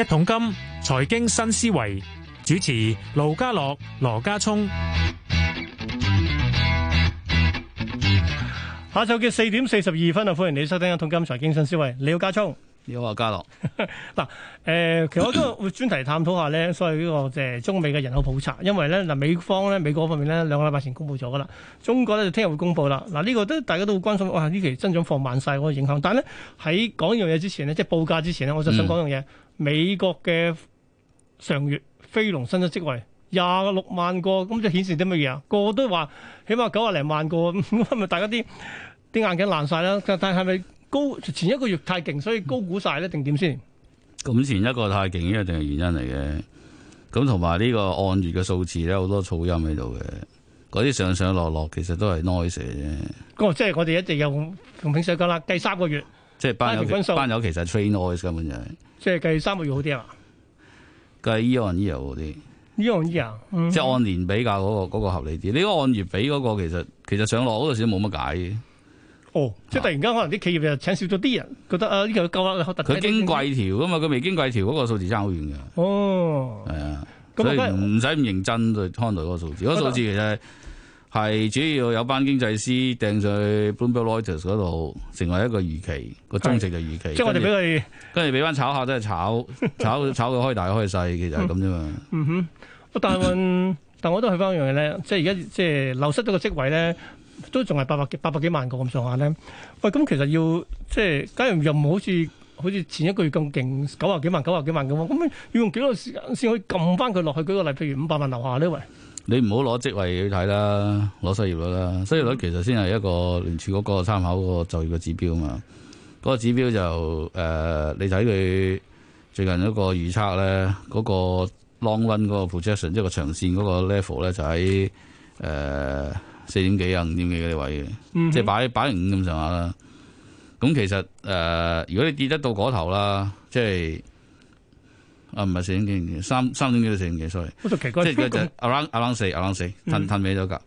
一桶金財經新思維主持盧家樂羅家聰，下晝嘅四點四十二分啊，歡迎你收聽一桶金財經新思維。你好，家聰。你好啊，家樂。嗱，誒，其實我都會專題探討下咧，所謂呢個即係中美嘅人口普查，因為咧嗱，美方咧美國方面咧兩個禮拜前公布咗噶啦，中國咧就聽日會公布啦。嗱，呢個都大家都會關心，哇，呢期增長放慢晒，個影響。但係咧喺講呢樣嘢之前咧，即係報價之前咧，我就想講樣嘢。嗯美國嘅上月非農新增職位廿六萬個，咁就顯示啲乜嘢啊？個個都話起碼九廿零萬個，咁 咪大家啲啲眼鏡爛晒啦？但係咪高前一個月太勁，所以高估晒咧，定點先？咁前一個太勁呢一定係原因嚟嘅。咁同埋呢個按月嘅數字咧，好多噪音喺度嘅。嗰啲上上落落其實都係 noise 啫。嗰、哦、即係我哋一直有同平時講啦，計三個月，即係班友班友其實係 free noise 根本就係即係計三個月好啲啊？計 year on year 嗰啲，year on year 啊，即係按年比較嗰、嗰個、嗰個合理啲。你嗰按月比嗰個，其實其實上落嗰時都冇乜解嘅。哦、oh, 啊，即係突然間可能啲企業就請少咗啲人，覺得啊呢、呢個夠啦，佢特經季調噶嘛，佢未經季調嗰個數字差好遠嘅。哦，係啊，麼所以唔使咁認真去看待嗰個數字，嗰麼個數字其實。係主要有班經濟師掟上去 Bloomberg 嗰度，成為一個預期，個增值嘅預期。即係、就是、我哋俾佢，跟住俾翻炒下都係炒， 炒，炒炒到開大開細，其實係咁啫嘛。哼、 嗯嗯嗯，但係、嗯、但係我都係翻一樣嘢咧，即係而家即係流失咗個職位咧，都仲係八百八百幾萬個咁上下咧。喂、哎，咁其實要即係假如任務好似好似前一個月咁勁，九啊幾萬九啊幾萬咁，咁要用幾多時間先可以撳翻佢落去？舉個例，譬如五百萬樓下呢位。你唔好攞職位去睇啦，攞失業率啦，失業率其實先係一個聯儲嗰個參考個就業嘅指標啊嘛。嗰、那個指標就誒、呃，你睇佢最近一個預測咧，嗰、那個 long run 嗰個 projection，即係個長線嗰個 level 咧，就喺誒四點幾啊五點幾嗰啲位嘅，mm hmm. 即係擺擺喺五咁上下啦。咁其實誒、呃，如果你跌得到嗰頭啦，即係。啊，唔係四點幾，三三點幾到四點幾，sorry，即係就 around 四，around 四、嗯哼，吞吞尾咗噶。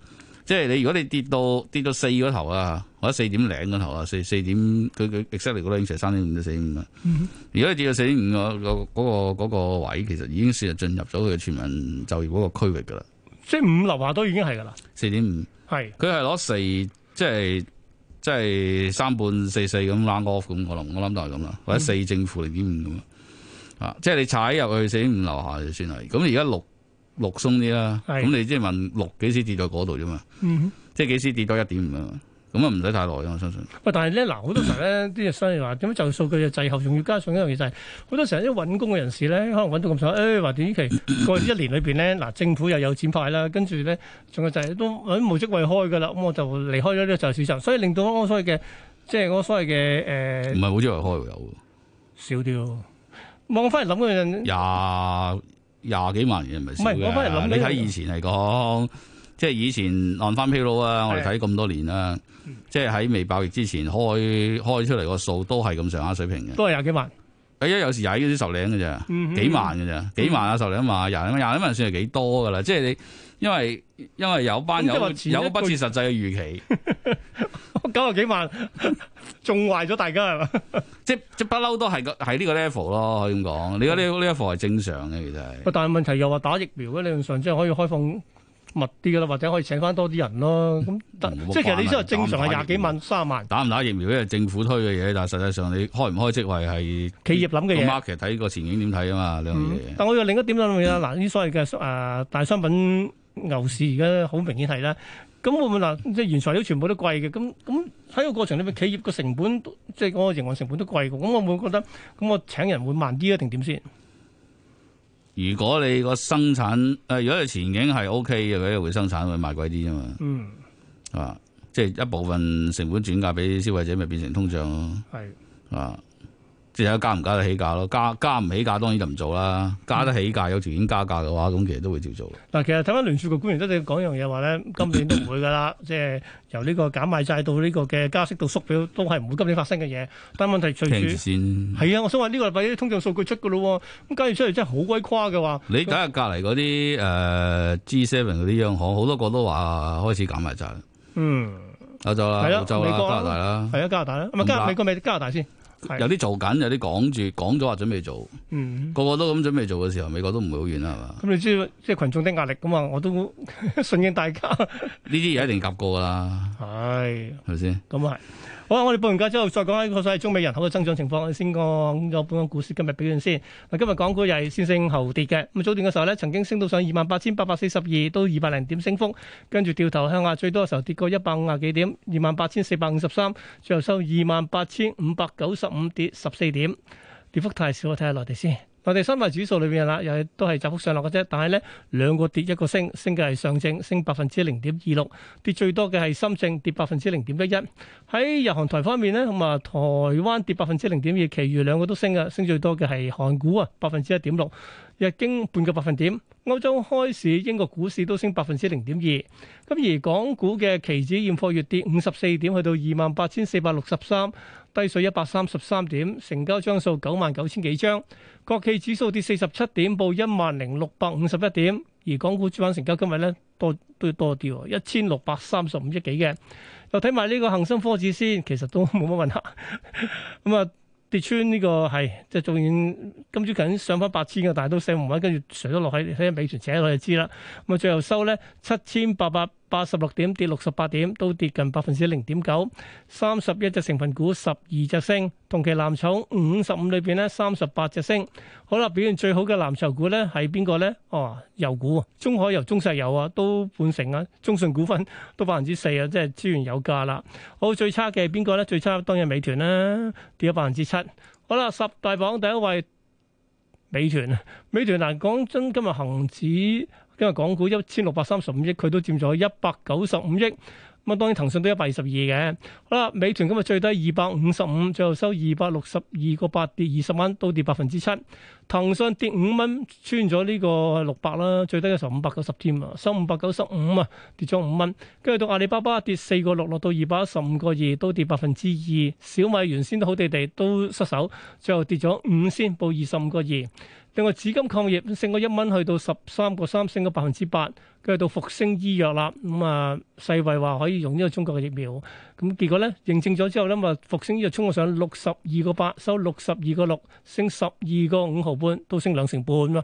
即係你如果你跌到跌到四嗰頭啊，或者四點零嗰頭啊，四四點，佢佢 exactly 嗰度已經係三點五到四點五啦。5, 5嗯、哼如果你跌到四點五個、嗰個嗰個位，其實已經事實上進入咗佢嘅全民就業嗰個區域噶啦。即係五樓下都已經係噶啦。四點五係，佢係攞四，即係即係三半四四咁 round off 咁，可能我諗就係咁啦，或者四正負零點五咁。即係你踩入去四點五樓下就算係，咁而家六六鬆啲啦。咁你的即係問六幾時跌到嗰度啫嘛？嗯、哼即係幾時跌到一點五咁啊？唔使太耐我相信。喂，但係咧嗱，好多時候咧啲人雖然話點樣就數據就滯後，仲要加上一樣嘢就係好多時候啲揾工嘅人士咧，可能揾到咁少，誒話短期過去一年裏邊咧嗱， 政府又有錢派啦，跟住咧仲有就係都揾無職位開噶啦，咁我就離開咗呢個就市場，所以令到我所謂嘅即係我所謂嘅誒。唔係冇職位開喎，有少啲。我翻嚟諗嗰樣，廿廿幾萬嘅唔係少嘅。你睇以前嚟講，即係以前 non-farm payroll, 的我哋睇咁多年啦，的即係喺未爆疫之前開開出嚟個數都係咁上下水平嘅。都係廿幾萬，誒一、哎、有時踩喺啲十零嘅咋，幾萬嘅咋，嗯、哼幾萬啊十零嘛，廿零萬，廿零萬算係幾多噶啦？即係你。因為因為有班有有個不切實際嘅預期，九廿幾萬，仲壞咗大家係嘛？即即不嬲都係係呢個 level 咯，可以咁講。呢個 level 係正常嘅，其實但係問題又話打疫苗嘅理論上正常可以開放密啲噶啦，或者可以請翻多啲人咯。咁即其實你先係正常係廿幾萬、卅萬。打唔打疫苗因為係政府推嘅嘢，但係實際上你開唔開職位係企業諗嘅嘢。market 睇個前景點睇啊嘛，呢樣嘢。但係我又另一點諗嘅啦，嗱，呢所謂嘅誒大商品。牛市而家好明顯係啦，咁會唔會嗱，即係原材料全部都貴嘅，咁咁喺個過程裏面，企業個成本即係講個營運成本都貴嘅，咁我會唔會覺得，咁我請人會慢啲啊，定點先？如果你個生產誒，如果係前景係 OK 嘅，佢會生產會賣貴啲啊嘛。嗯，啊，即係一部分成本轉嫁俾消費者，咪變成通脹咯。係啊。即係加唔加得起價咯？加加唔起價當然就唔做啦。加得起價有條件加價嘅話，咁其實都會照做。但其實睇翻聯儲局官員都講一樣嘢話咧，今年都唔會噶啦。 即係由呢個減賣債到呢個嘅加息到縮表，都係唔會今年發生嘅嘢。但係問題最遲先，係啊，我想話呢個禮拜啲通脹數據出㗎咯。咁假如出嚟真係好鬼誇嘅話，你睇下隔離嗰啲誒 G Seven 嗰啲央行，好多個都話開始減埋債。嗯，歐洲啦，澳洲啦，加拿大啦，係啊，加拿大啦，咪、啊、加美國咪加拿大先。有啲做緊，有啲講住，講咗話準備做，嗯、個個都咁準備做嘅時候，美國都唔會好遠啦，係嘛、嗯？咁你知，即係群眾的壓力噶嘛？我都順 應大家。呢啲嘢一定夾過噶啦，係，係咪先？咁係。好，我哋報完價之後再講下，再講下中美人口嘅增長情況。我哋先講咗本間股市今日表現先。嗱，今日港股又係先升後跌嘅。咁早段嘅時候咧，曾經升到上二萬八千八百四十二，到二百零點升幅，跟住掉頭向下，最多嘅時候跌過一百五廿幾點，二萬八千四百五十三，最後收二萬八千五百九十五，跌十四點，跌幅太少。我睇下內地先。我哋三大指數裏邊啦，又係都係窄幅上落嘅啫。但係咧，兩個跌一個升，升嘅係上證，升百分之零點二六；跌最多嘅係深證，跌百分之零點一一。喺日韓台方面咧，咁啊台灣跌百分之零點二，其餘兩個都升嘅，升最多嘅係韓股啊，百分之一點六，日經半個百分點。歐洲開市，英國股市都升百分之零點二。咁而港股嘅期指現貨月跌五十四點，去到二萬八千四百六十三。低水一百三十三點，成交張數九萬九千幾張。國企指數跌四十七點，報一萬零六百五十一點。而港股主板成交今日咧多都要多啲，一千六百三十五億幾嘅。就睇埋呢個恒生科指先，其實都冇乜問題。咁 啊、嗯，跌穿呢、呢個係即係仲今朝近上返八千嘅，但係都升唔穩，跟住隨咗落去睇下尾段扯落就知啦。咁、嗯、啊，最後收咧七千八百。7, 八十六點，跌六十八點，都跌近百分之零點九。三十一隻成分股，十二隻升。同期藍籌五十五裏邊咧，三十八隻升。好啦，表現最好嘅藍籌股咧係邊個咧？哦，油股啊，中海油、中石油啊，都半成啊。中信股份都百分之四啊，即係資源有價啦。好，最差嘅係邊個咧？最差當然美團啦，跌咗百分之七。好啦，十大榜第一位，美團。美團難講真，今日恒指。因為港股一千六百三十五億，佢都佔咗一百九十五億。咁當然騰訊都一百二十二嘅。好啦，美團今日最低二百五十五，最後收二百六十二個八，跌二十蚊，都跌百分之七。騰訊跌五蚊，穿咗呢個六百啦。最低嘅時候五百九十添啊，收五百九十五啊，跌咗五蚊。跟住到阿里巴巴跌四個六，落到二百一十五個二，都跌百分之二。小米原先都好地地，都失手，最後跌咗五先，報二十五個二。另外紫金礦業升咗一蚊，去到十三個三，升咗百分之八。跟住到復星醫藥啦，咁啊世衞話可以用呢個中國嘅疫苗，咁結果咧認證咗之後咧，咪復星醫藥衝咗上六十二個八，收六十二個六，升十二個五毫半，都升兩成半啦。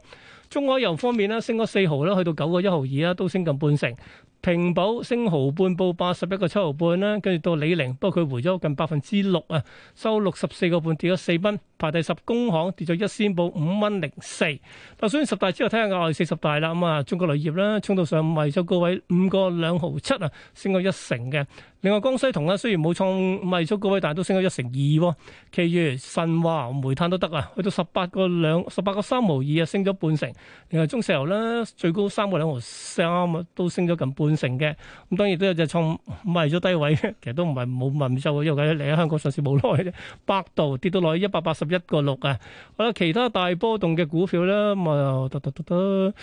中海油方面咧，升咗四毫啦，去到九個一毫二啦，都升近半成。平保升毫半報八十一個七毫半啦，跟住到李寧，不過佢回咗近百分之六啊，收六十四個半，跌咗四蚊，排第十。工行跌咗一仙報五蚊零四。嗱，所以十大之後睇下外四十大啦，咁啊中國旅業咧，衝到，上市嚟高位五個兩毫七啊，升咗一成嘅。另外江西銅咧，雖然冇創上市嚟高位，但係都升咗一成二喎。其餘，神華煤炭都得啊，去到十八個兩十八個三毫二啊，升咗半成。另外，中石油咧，最高三個兩毫三啊，都升咗近半成嘅。咁當然都有隻創上市嚟低位，其實都唔係冇賣唔收嘅，因為嚟喺香港上市冇耐，百度跌到落去一百八十一個六啊。好啦，其他大波動嘅股票咧，咪、呃、啊，突突突突。呃呃呃呃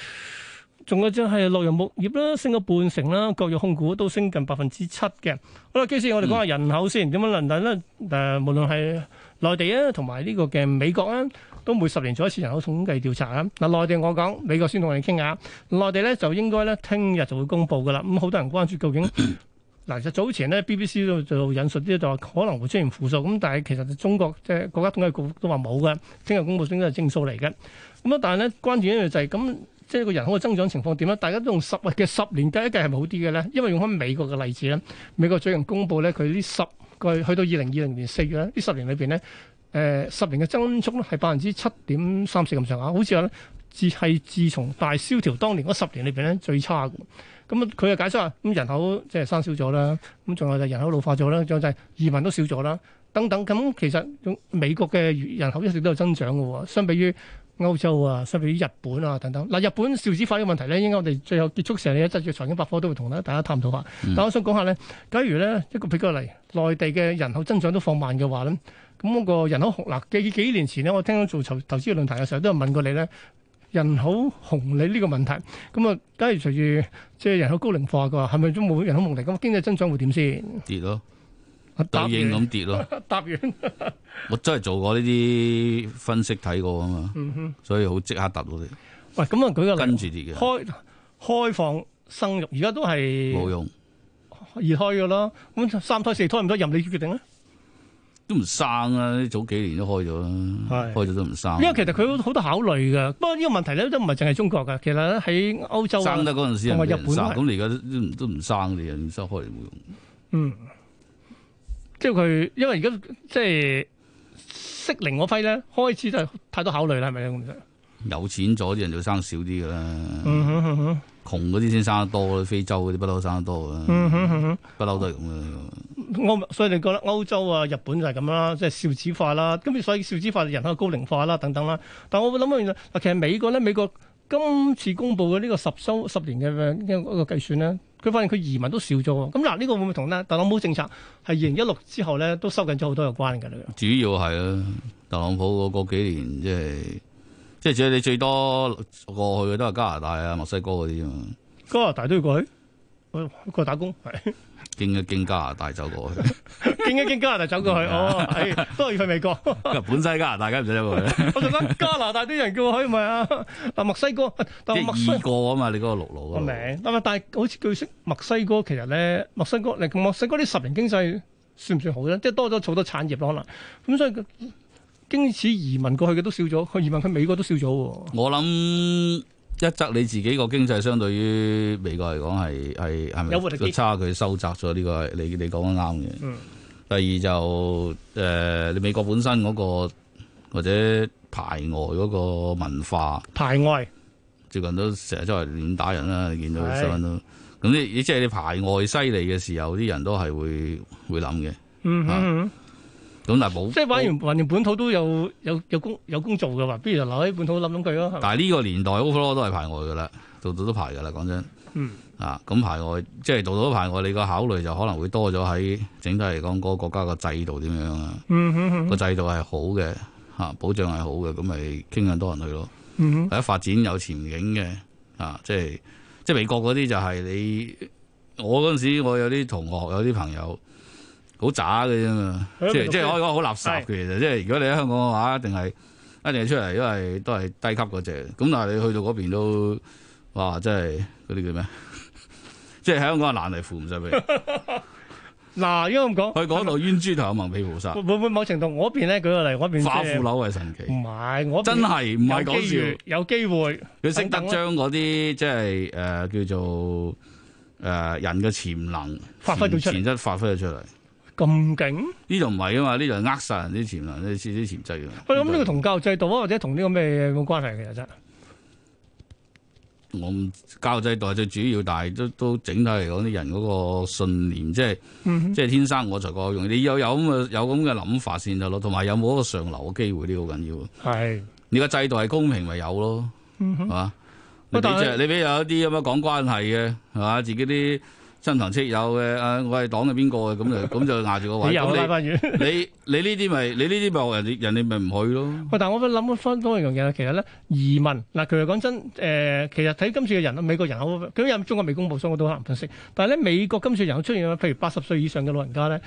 仲有即係洛陽木業啦，升咗半成啦，國藥控股都升近百分之七嘅。好啦，基先我哋講下人口先點樣論。但係咧，誒無論係內地啊，同埋呢個嘅美國啊，都每十年做一次人口統計調查啊。嗱，內地我講，美國先同我哋傾下。內地咧就應該咧聽日就會公布噶啦。咁好多人關注究竟嗱，其實早前咧 BBC 都就引述啲就話可能會出現負數咁，但係其實中國即係國家統計局都話冇嘅。聽日公布應該係正數嚟嘅。咁啊，但係咧關鍵一樣就係咁。即係個人口嘅增長情況點咧？大家都用十嘅十年計一計係咪好啲嘅咧？因為用翻美國嘅例子咧，美國最近公布咧佢呢十個去到二零二零年四月咧，呢十年裏邊咧，誒、呃、十年嘅增速咧係百分之七點三四咁上下，好似話咧自係自從大蕭條當年嗰十年裏邊咧最差嘅。咁啊佢啊解釋話咁人口即係生少咗啦，咁仲有就人口老化咗啦，仲有就移民都少咗啦，等等。咁、嗯、其實美國嘅人口一直都有增長嘅喎，相比於……歐洲啊，甚至於日本啊，等等嗱。日本少子化嘅問題咧，應該我哋最後結束時候一質嘅財經百科都會同咧大家探討下。嗯、但我想講下咧，假如咧一個比較嚟，內地嘅人口增長都放慢嘅話咧，咁嗰個人口紅嗱，幾、啊、幾年前咧，我聽到做投投資嘅論壇嘅時候，都有問過你咧，人口紅利呢個問題咁啊，假如隨住即係人口高齡化嘅話，係咪都冇人口紅利？咁經濟增長會點先？跌咯。對應咁跌咯，答， 答完。 我真係做過呢啲分析睇過啊嘛，嗯、哼所以好即刻答到你。喂、嗯哼，咁啊，佢個跟住跌嘅。開開放生育，而家都係冇用，二胎噶咯。咁三胎四胎唔多，任你決定啦。都唔生啦，早幾年都開咗啦，是開咗都唔生。因為其實佢好多考慮噶，不過呢個問題咧都唔係淨係中國噶，其實喺歐洲生啊同埋日本咁你而家都唔生你咁收開嚟，冇用。用嗯。即佢，因為而家即係適齡嗰批咧，開始就係太多考慮啦，係咪啊？有錢咗啲人就生少啲嘅啦，窮嗰啲先生得多，非洲嗰啲不嬲生得多嘅啦，不嬲、嗯嗯、都係咁嘅。我所以你覺得歐洲啊、日本就係咁啦，即係少子化啦，跟住所以少子化，人口高齡化啦，等等啦。但我諗翻原來其實美國咧，美國今次公布嘅呢個十收十年嘅一個計算咧。佢發現佢移民都少咗喎，咁嗱，呢個會唔會同呢特朗普政策係二零一六之後咧都收緊咗好多有關嘅？主要係啊，特朗普嗰幾年即係即係主要你最多過去嘅都係加拿大啊、墨西哥嗰啲啊嘛，加拿大都要過去，去、嗯、過去打工係。經一經加拿大走過去， 經一經加拿大走過去，哦，係都係去美國。本身加拿大唔使走過去，我就得加拿大啲 人嘅喎，係咪啊？墨西哥，但墨西哥啊嘛，你嗰個陸路個名，但係好似據悉墨西哥其實咧，墨西哥墨西哥啲十年經濟算唔算好咧？即係多咗好多，了多了產業可能，咁所以經此移民過去嘅都少咗，佢移民去美國都少咗。我諗。一則你自己個經濟相對於美國嚟講係係係咪個差距收窄咗？呢個係你你講得啱嘅。嗯。第二就誒，你美國本身嗰個或者排外嗰個文化排外，最近都成日都係亂打人啦。你見到新聞都咁，是你即係你排外犀利嘅時候，啲人都係會會諗嘅。嗯哼，嗯哼。啊咁但係冇，即係玩完，玩完本土都有有有工有工做嘅話，不如留喺本土諗諗佢咯。但係呢個年代好多都係排外噶啦，做到都排噶啦，講真。嗯。啊，咁排外，即係做到都排外。你個考慮就可能會多咗。喺整體嚟講，嗰個國家個制度點樣啊？嗯，個制度係好嘅嚇，保障係好嘅，咁咪傾向多人去咯。或者、嗯、哼發展有前景嘅啊，即係即係美國嗰啲就係你，我嗰陣時我有啲同學有啲朋友。好渣嘅啫嘛，可以即係即係我講好垃圾嘅其實，是即係如果你喺香港嘅話，一定係一定係出嚟，因為都係低級嗰隻。咁但係你去到嗰邊都，哇！真係嗰啲叫咩？ 即係喺香港爛泥扶唔上壁。嗱， 如果咁講，去嗰度冤豬頭有盟鼻菩薩。會會某程度，我邊咧舉個例我邊、就是，化腐朽為神奇。唔係我真係唔係講笑，有機會佢識得將嗰啲即係誒叫做誒人嘅潛能發揮到出，發揮到出嚟。咁勁？呢度唔係啊嘛，呢度係呃晒人啲潛能，啲啲潛質嘅。咁呢個同教育制度啊，或者同呢個咩冇關係其實真，我唔，教育制度係最主要，但係都都整體嚟講，啲人嗰個信念，即係、嗯、哼即係天生我材，各有用。你要有咁有咁嘅諗法先得咯。同埋有冇一個上流嘅機會，呢個好緊要。係的你個制度係公平咪有咯？係嘛、嗯哼？你俾是你俾有一啲咁樣講關係嘅係嘛？自己啲。親朋戚友嘅啊，我係黨嘅邊 個嘅咁就咁就壓住個位，你有啦、就是，你你呢啲咪你呢啲咪人哋 人哋咪唔去咯。 但係我諗翻多一樣嘢其實咧移民嗱，其實講真誒，其實睇、呃、今次嘅人啊，美國人口佢有中國未公佈，所以我都嚇唔緊息。但係咧，美國今次人口出現咧，譬如八十歲以上嘅老人家咧。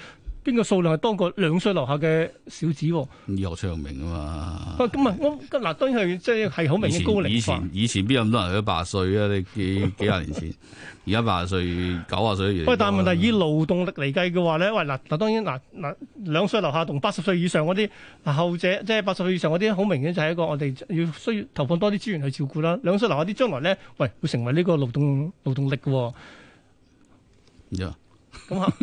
邊個數量係多過兩歲樓下嘅小子？醫學昌明啊嘛。咁啊，我嗱，當然係即係好明顯嘅高齡化。以前，以前邊有咁多人去八十歲啊？你幾幾廿年前，而家八十歲、九啊歲。喂，但係問題以勞動力嚟計嘅話咧，喂嗱嗱，當然嗱嗱，兩歲樓下同八十歲以上嗰啲，嗱後者即係八十歲以上嗰啲，好明顯就係一個我哋要需要投放多啲資源去照顧啦。兩歲樓下啲將來咧，喂，會成為呢個勞動勞動力嘅。呀 Yeah. 樣，咁啊。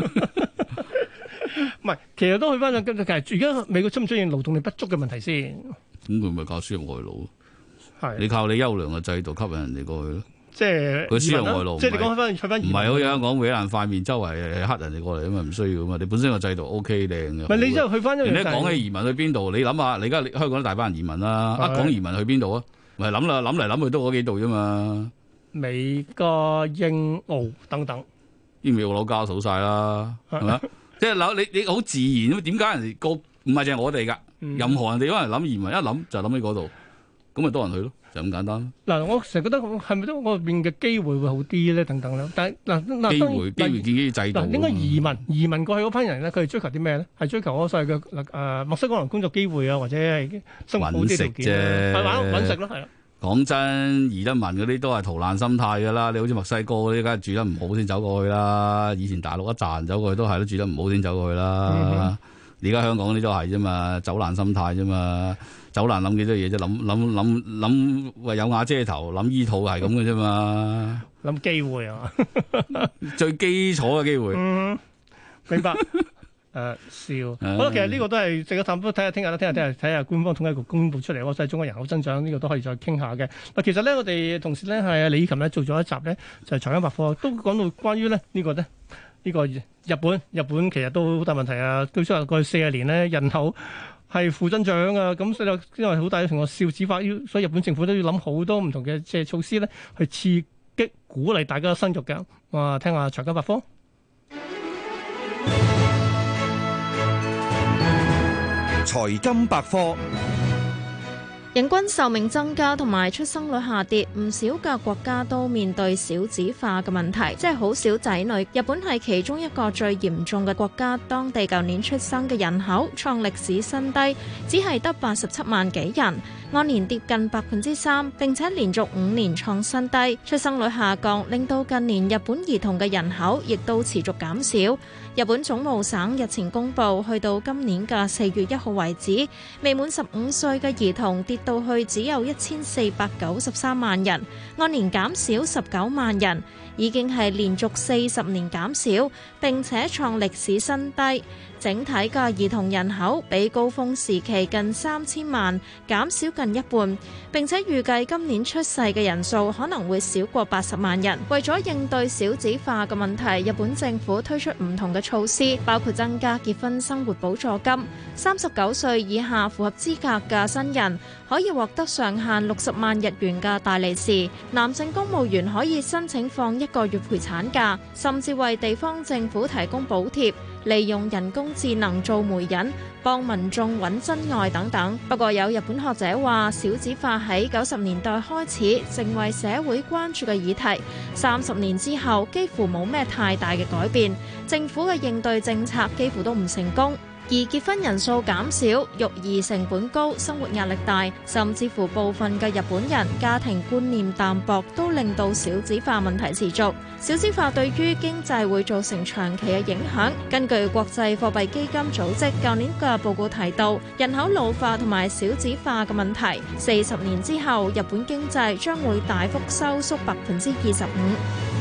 唔係，其實都去翻。其實而家美國出唔出現勞動力不足嘅問題先？咁佢咪教輸外勞係的你靠你優良嘅制度吸引人哋過去咯。即係佢輸外勞，即係你講翻去，講移民唔係我而家講美蘭塊面周圍黑人哋過嚟啊嘛，唔需要啊嘛。你本身個制度 O K 靚嘅。係你即係去翻呢個。你講起移民去邊度？你諗下，你而家香港大班人移民啦，一講的移民去邊度啊？唔係諗啦，諗嚟諗去都嗰幾度啫嘛。美加英澳等等，英美澳、美、我攞加數晒啦，係嘛？即係樓，你你好自然啊？點解人哋個唔係淨係我哋噶？嗯、任何人哋可能諗移民，一諗就諗起嗰度，咁咪多人去咯，就咁簡單。嗱，我成日覺得係咪都外邊嘅機會會好啲咧？等等啦，機會但係嗱嗱，當然，基建制度。應該移民、嗯、移民過去嗰班人咧，佢哋追求啲咩咧？係追求嗰所謂嘅誒，墨西哥人工作機會啊，或者係生活好啲條件，搵食咯，係啦。講真，移民嗰啲都係逃難心態噶啦，你好似墨西哥嗰啲，梗係住得唔好先走過去啦。以前大陸一賺走過去都係都住得唔好先走過去啦。而家、嗯、香港嗰啲都係啫嘛，走難心態啫、呃、嘛，走難諗幾多嘢啫，諗諗諗諗喂有瓦遮頭，諗醫肚係咁嘅啫嘛，諗機會啊， 最基礎嘅機會、嗯，明白。 誒、啊、笑，嗯、好啦吧，其實呢個都係值得探討，睇下聽日，啦，聽日，聽日，睇下官方統計局公布出嚟，我睇中國人口增長呢、這個都可以再傾下嘅。嗱，其實咧我哋同事咧係李以琴咧做咗一集咧，就係財經百科都講到關於咧呢、這個咧，呢、這個日本日本其實都好大問題啊，據說過去四十年咧人口係負增長啊，咁所以因為好大嘅程度少子化，要所以日本政府都要諗好多唔同嘅即係措施咧去刺激鼓勵大家生育嘅。我、啊、聽下財經百科。財金百科。人均壽命增加同埋出生率下跌，唔少嘅國家都面對少子化嘅問題，即係好少仔女。日本係其中一個最嚴重嘅國家，當地舊年出生嘅人口創歷史新低，只係得八十七萬幾人，按年跌近百分之三，並且連續五年創新低。出生率下降令到近年日本兒童嘅人口亦都持續減少。日本總務省日前公布，去到今年嘅四月一號為止，未滿十五歲嘅兒童跌到去只有一千四百九十三萬人，按年減少十九萬人，已經係連續四十年減少，並且創歷史新低。整體嘅兒童人口比高峰時期近三千萬減少近一半，並且預計今年出世嘅人數可能會少過八十萬人。為咗應對少子化嘅問題，日本政府推出唔同嘅措施，包括增加結婚生活補助金，三十九歲以下符合資格嘅新人可以獲得上限六十萬日元嘅大利是；男性公務員可以申請放一個月陪產假，甚至為地方政府提供補貼。利用人工智能做媒人，幫民眾揾真愛等等。不過有日本學者話，少子化喺九十年代開始成為社會關注嘅議題，三十年之後幾乎冇咩太大嘅改變，政府嘅應對政策幾乎都唔成功。而結婚人數減少、育兒成本高、生活壓力大，甚至乎部分嘅日本人家庭觀念淡薄，都令到少子化問題持續。少子化對於經濟會造成長期嘅影響。根據國際貨幣基金組織舊年嘅報告提到，人口老化同埋少子化嘅問題，四十年之後日本經濟將會大幅收縮百分之二十五。